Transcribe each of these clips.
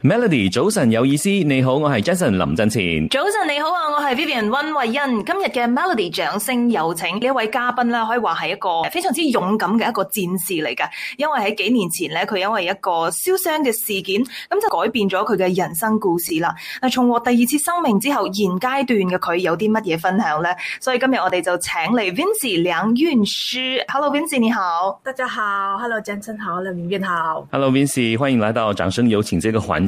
Melody，早晨有意思，你好，我係 Jason 林振前。早晨你好啊，我係 Vivian 溫慧欣。今日嘅 Melody 掌聲有請呢一位嘉賓啦，可以話係一個非常之勇敢嘅一個戰士嚟噶。因為喺幾年前咧，佢因為一個燒傷嘅事件，咁就改變咗佢嘅人生故事啦。嗱，重獲第二次生命之後，現階段嘅佢有啲乜嘢分享咧？所以今日我哋就請嚟 Vincy 梁韻詩。Hello，Vincy 你好，大家好。Hello，Jason 好，林振好。Hello，Vincy 歡迎來到掌聲有請這個環。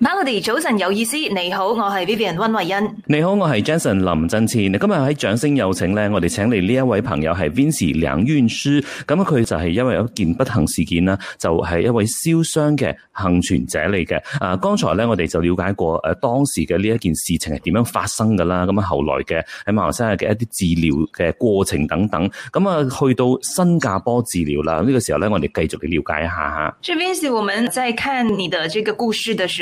Melody 早晨有意思，你好，我係 Vivian 溫慧欣。你好，我係 Jason 林振謙。今日喺掌聲有請咧，我哋請嚟呢一位朋友係 v i n c e 梁韻詩。咁佢就係因為一件不幸事件啦，就係、是、一位燒傷嘅幸存者嚟嘅。啊，剛才咧我哋就了解過誒、啊，當時嘅呢一件事情係點樣發生噶啦。咁、啊、後來嘅喺馬來西亞嘅一啲治療嘅過程等等，咁啊去到新加坡治療啦。咁、這、呢個時候咧，我哋繼續去了解一下吓。v i n c e 我們再看你的這個故事的時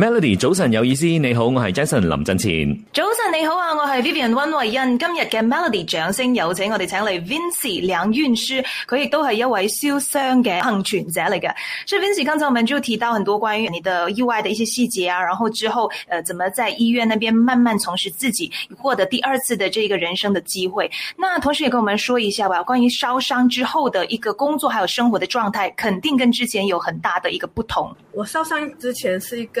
Melody，早晨有意思，你好，我是 Jason 林振前。早晨你好啊，我是 Vivian 溫慧欣。今日嘅 Melody 掌聲有請，我請 Vincy，師，我哋請嚟 Vincy 梁韻詩，佢亦都係一位燒傷嘅幸存者嚟嘅。所以 Vincy 剛才我們就提到很多關於你的意外的一些細節啊，然後之後，呃，怎麼在醫院那邊慢慢從事自己獲得第二次的這個人生的機會。那同時也跟我們說一下吧，關於燒傷之後的一個工作還有生活的狀態，肯定跟之前有很大的一個不同。我燒傷之前是一個。